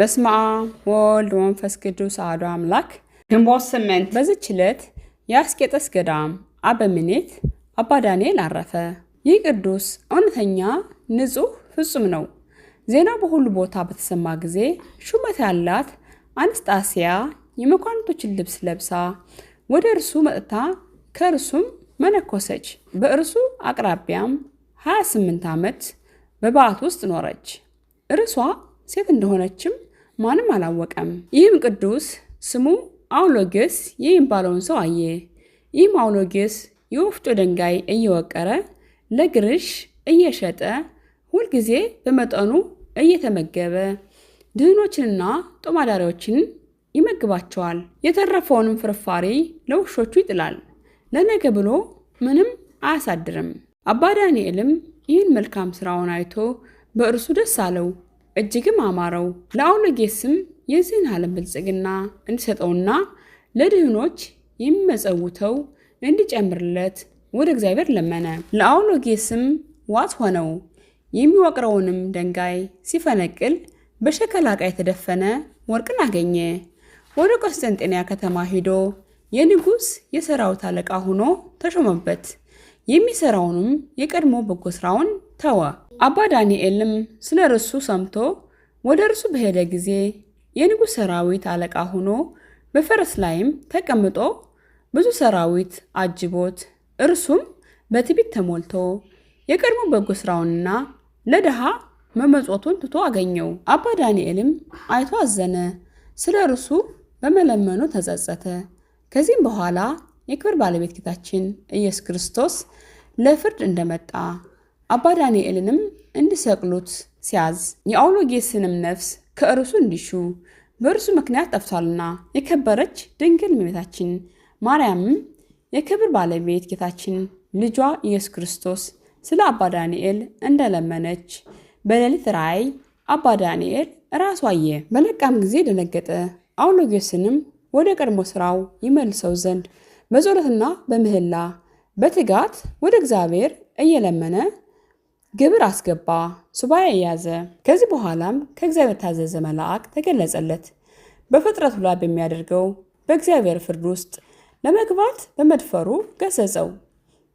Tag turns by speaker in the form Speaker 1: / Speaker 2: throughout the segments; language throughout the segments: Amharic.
Speaker 1: በስመ አብ ወወልድ ወመንፈስ ቅዱስ አሐዱ አምላክ።
Speaker 2: ግንቦት ስምንት
Speaker 1: በዚች ዕለት የአስቄጠስ ገዳም አበምኔት አባ ዳንኤል አረፈ። ይህ ቅዱስ እውነተኛ ንጹሕ ፍጹም ነው። ዜናው በሁሉ ቦታ በተሰማ ጊዜ ሹመት ያላት አንስጣስያ የመኳንቶችን ልብስ ለብሳ ወደ እርሱ መጥታ ከእርሱም መነኮሰች። በእርሱ አቅራቢያም 28 ዓመት በበዓት ውስጥ ኖረች። እርሷ ሴት እንደሆነችም ማንም አላወቀም። ይህም ቅዱስ ስሙ አውሎጌስ የሚባለውን ሰው አየ። ይህም አውሎጌስ የወፍጮ ድንጋይ እየወቀረ ለግርሽ እየሸጠ ሁልጊዜ በመጠኑ እየተመገበ ድህኖችንና ጦማዳሪዎችን ይመግባቸዋል። የተረፈውንም ፍርፋሪ ለውሾቹ ይጥላል። ለነገ ብሎ ምንም አያሳድርም። አባ ዳንኤልም ይህን መልካም ሥራውን አይቶ በእርሱ ደስ አለው። እጅግም አማረው። ለአውሎጌስም የዚህን ዓለም ብልጽግና እንዲሰጠውና ለድህኖች የሚመጸውተው እንዲጨምርለት ወደ እግዚአብሔር ለመነ። ለአውሎጌስም ዋት ሆነው የሚወቅረውንም ደንጋይ ሲፈነቅል በሸክላ ዕቃ የተደፈነ ወርቅን አገኘ። ወደ ቆስጠንጤንያ ከተማ ሂዶ የንጉሥ የሰራዊት አለቃ ሆኖ ተሾመበት። የሚሰራውንም የቀድሞ በጎ ስራውን ተወ። አባ ዳንኤልም ስለ እርሱ ሰምቶ ወደ እርሱ በሄደ ጊዜ የንጉሥ ሰራዊት አለቃ ሆኖ በፈረስ ላይም ተቀምጦ ብዙ ሰራዊት አጅቦት፣ እርሱም በትቢት ተሞልቶ የቀድሞ በጎ ስራውንና ለድሃ መመጾቱን ትቶ አገኘው። አባ ዳንኤልም አይቶ አዘነ፣ ስለ እርሱ በመለመኑ ተጸጸተ። ከዚህም በኋላ የክብር ባለቤት ጌታችን ኢየሱስ ክርስቶስ ለፍርድ እንደመጣ አባ ዳንኤልንም እንዲሰቅሉት ሲያዝ የአውሎጌስንም ነፍስ ከእርሱ እንዲሹ በእርሱ ምክንያት ጠፍቷልና የከበረች ድንግል እመቤታችን ማርያምም የክብር ባለቤት ጌታችን ልጇ ኢየሱስ ክርስቶስ ስለ አባ ዳንኤል እንደለመነች በሌሊት ራእይ አባ ዳንኤል ራሱ አየ። በነቃም ጊዜ ደነገጠ። አውሎጌስንም ወደ ቀድሞ ስራው ይመልሰው ዘንድ በጸሎትና በምህላ በትጋት ወደ እግዚአብሔር እየለመነ ግብር አስገባ፣ ሱባኤ እያዘ። ከዚህ በኋላም ከእግዚአብሔር ታዘዘ መልአክ ተገለጸለት። በፍጥረቱ ላይ በሚያደርገው በእግዚአብሔር ፍርድ ውስጥ ለመግባት በመድፈሩ ገሰጸው።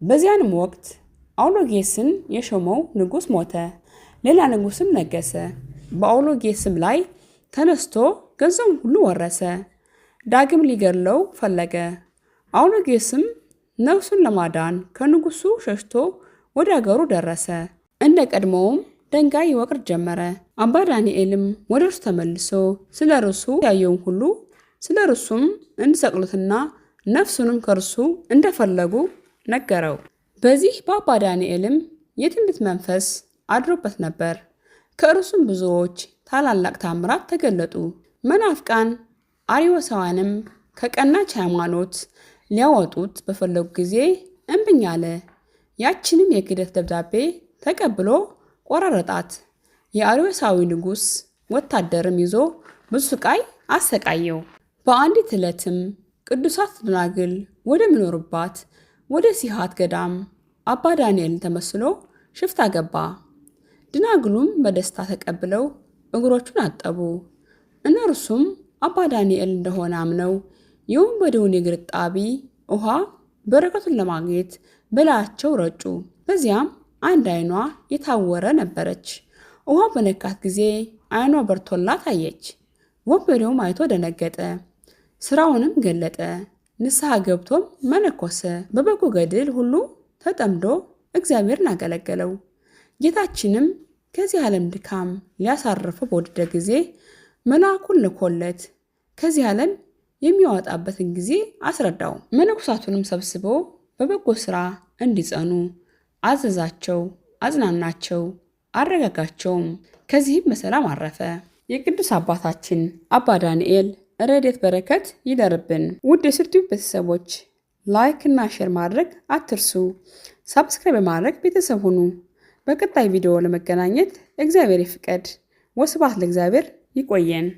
Speaker 1: በዚያንም ወቅት አውሎጌስን የሾመው ንጉሥ ሞተ፣ ሌላ ንጉሥም ነገሰ። በአውሎጌስም ላይ ተነስቶ ገንዘቡን ሁሉ ወረሰ። ዳግም ሊገድለው ፈለገ። አውሎጌስም ነፍሱን ለማዳን ከንጉሱ ሸሽቶ ወደ አገሩ ደረሰ። እንደ ቀድሞውም ድንጋይ ይወቅር ጀመረ። አባ ዳንኤልም ወደ እርሱ ተመልሶ ስለ ርሱ ያየውን ሁሉ ስለ ርሱም እንዲሰቅሉትና ነፍሱንም ከእርሱ እንደፈለጉ ነገረው። በዚህ በአባ ዳንኤልም የትንቢት መንፈስ አድሮበት ነበር። ከእርሱም ብዙዎች ታላላቅ ታምራት ተገለጡ። መናፍቃን አሪዮሳውያንም ከቀናች ሃይማኖት ሊያወጡት በፈለጉ ጊዜ እምብኝ አለ። ያችንም የክደት ደብዳቤ ተቀብሎ ቆራረጣት። የአርዮሳዊ ንጉሥ ወታደርም ይዞ ብዙ ስቃይ አሰቃየው። በአንዲት ዕለትም ቅዱሳት ደናግል ወደሚኖሩባት ወደ ሲሃት ገዳም አባ ዳንኤልን ተመስሎ ሽፍታ ገባ። ድናግሉም በደስታ ተቀብለው እግሮቹን አጠቡ። እነርሱም አባ ዳንኤል እንደሆነ አምነው የወንበዴውን የእግር ጣቢ ውሃ በረከቱን ለማግኘት በላያቸው ረጩ። በዚያም አንድ አይኗ የታወረ ነበረች። ውሃ በነካት ጊዜ አይኗ በርቶላት አየች። ወንበዴውም አይቶ ደነገጠ፣ ስራውንም ገለጠ። ንስሐ ገብቶም መነኮሰ። በበጎ ገድል ሁሉ ተጠምዶ እግዚአብሔርን አገለገለው። ጌታችንም ከዚህ ዓለም ድካም ሊያሳርፈው በወደደ ጊዜ መልአኩን ልኮለት ከዚህ ዓለም የሚያወጣበትን ጊዜ አስረዳው። መነኩሳቱንም ሰብስቦ በበጎ ስራ እንዲጸኑ አዘዛቸው፣ አጽናናቸው፣ አረጋጋቸውም። ከዚህም በሰላም አረፈ። የቅዱስ አባታችን አባ ዳንኤል ረድኤት በረከት ይደርብን። ውድ የስርቱ ቤተሰቦች ላይክ እና ሼር ማድረግ አትርሱ። ሳብስክራይብ በማድረግ ቤተሰብ ሁኑ። በቀጣይ ቪዲዮ ለመገናኘት እግዚአብሔር ይፍቀድ። ወስብሐት ለእግዚአብሔር። ይቆየን።